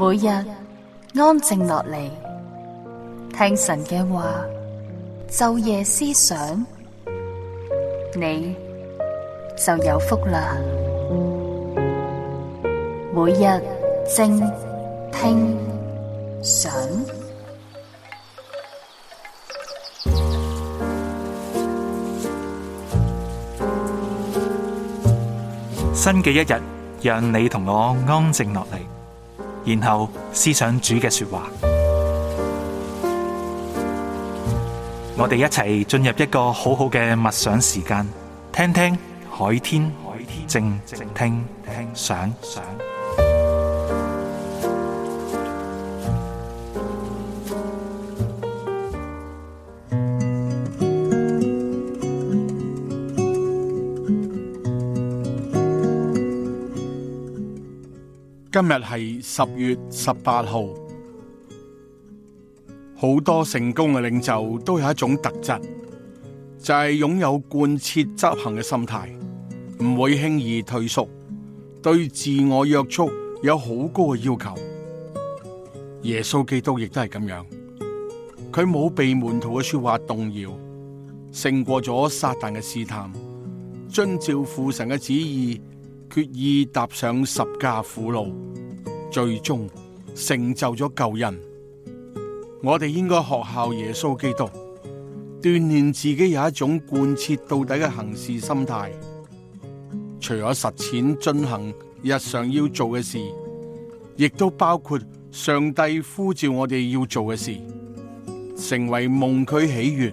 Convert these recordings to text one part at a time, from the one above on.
每日安靜落嚟，聽神嘅話，晝夜思想，你就有福啦。每日靜聽想，新嘅一日，讓你同我安靜落嚟。然後思想主嘅說話，嗯、我哋一齊進入一個好好嘅默想時間，聽聽海天，靜靜聽想想。今日係十月十八號。好多成功嘅領袖都有一種特質，就係、是、擁有貫徹執行嘅心態，唔會輕易退縮，對自我約束有好高嘅要求。耶穌基督亦都係咁樣，佢冇被門徒嘅說話動搖，勝過咗撒旦嘅試探，遵照父神嘅旨意，決意踏上十架苦路，最終成就咗救人。我哋應該學效耶穌基督，鍛煉自己有一種貫徹到底嘅行事心態。除咗實踐進行日常要做嘅事，亦都包括上帝呼召我哋要做嘅事，成為蒙佢喜悦，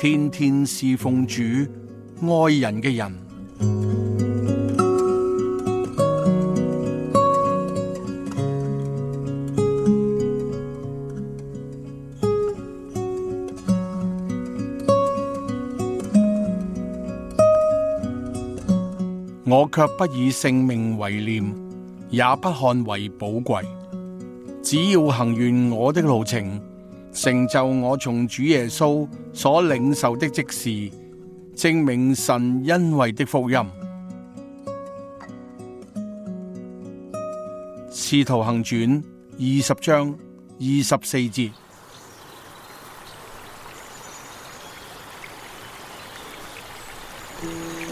天天侍奉主愛人嘅人。我卻不以性命為念，也不看為寶貴，只要行完我的路程，成就我從主耶穌所領受的職事，證明神恩惠的福音。使徒行傳二十章二十四節。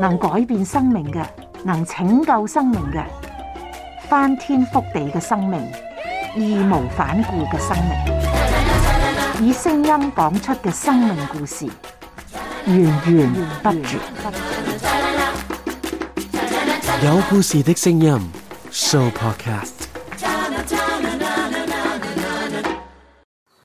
能改變生命嘅，能拯救生命嘅，翻天覆地嘅生命，義無反顧嘅生命，以聲音講出嘅生命故事，源源不絕。有故事的聲音，Sooo Podcast。